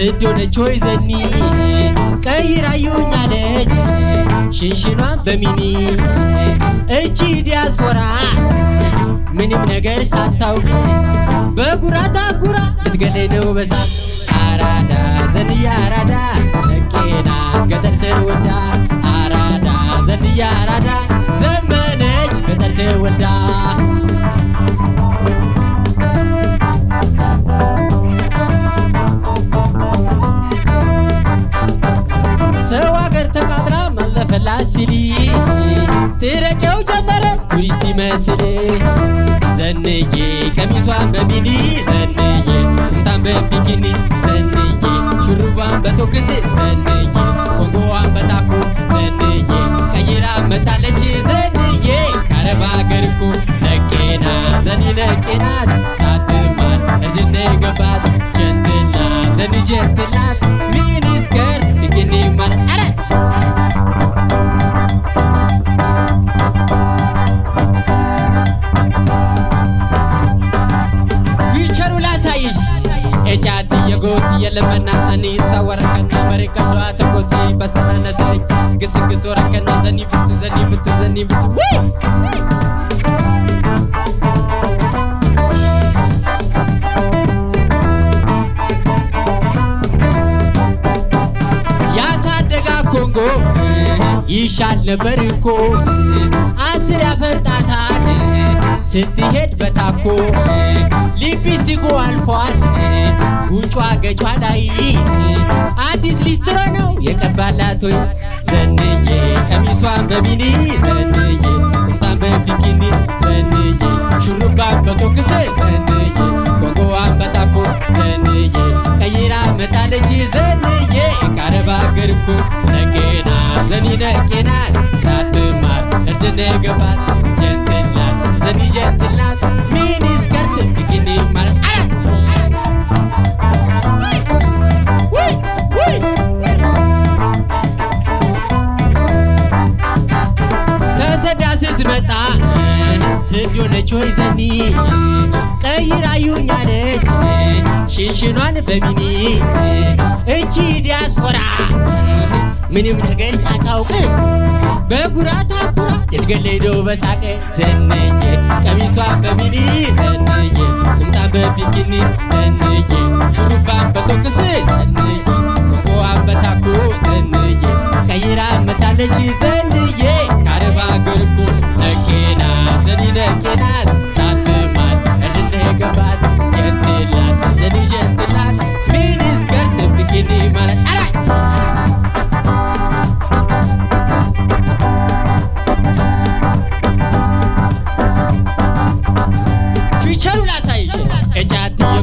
ስድ ሆነች ሆይ ዘኒ ቀይራዩኛለች ሽንሽኗን በሚኒ እቺ ዲያስፖራ ምንም ነገር ሳታውቅ በጉራ ታጉራ ልትገለይ ነው በሳት አራዳ ዘንያ አራዳ ተፈላስሊ ትረጨው ጀመረ ቱሪስት ይመስል ዘንዬ ቀሚሷን በሚኒ ዘንዬ ቁምጣን በቢኪኒ ዘንዬ ሹሩባን በቶክስ ዘንዬ ኮንጎዋን በታኮ ዘንዬ ቀይራ መታለች ዘንዬ ከአረብ አገር ነቄና ዘኒ ነቄናት ሳትማር እድነ ገባት ጀንትና ዘኒ ጀንትና echaadii yagootii yalamanaa ani sawara kana bare kalaa tokkosii basaadhaan asaayi gisigisoo rakkanaa zanii bitti zanii bitti በጎ ይሻል ነበር እኮ አስር ያፈርጣታል ስትሄድ በታኮ ሊፕስቲኩ አልፏል ጉንጯ ገጯ ላይ አዲስ ሊስትሮ ነው የቀባላት ወይ ዘንዬ ቀሚሷን በቢኒ ዘንዬ ቁምጣን በቢኪኒ ዘንዬ ሹሩባ በቶክስ ዘንዬ ቆንቆዋን በታኮ ዘንዬ ቀይራ መጣለች ዘንዬ ካረባ ገርኩ ምን ጀንትላት ዘኒ ጀንትላት ሚኒ ስከርት ቢኪኒ ማለት ተሰዳ ስትመጣ ስድ ሆነች ወይ ዘኒ ቀይራ አዩኛለች ሽንሽኗን በሚኒ እቺ ዲያስፖራ ምንም ነገር ሳታውቅ በኩራት አኩራ የትገለደው በሳቀ ዘንዬ ቀሚሷ በሚኒ ዘንዬ እምጣ በቢኪኒ ዘንዬ ሹሩባን በቶክስ ዘንዬ ቆዋን በታኩ ዘንዬ ቀይራ መታለች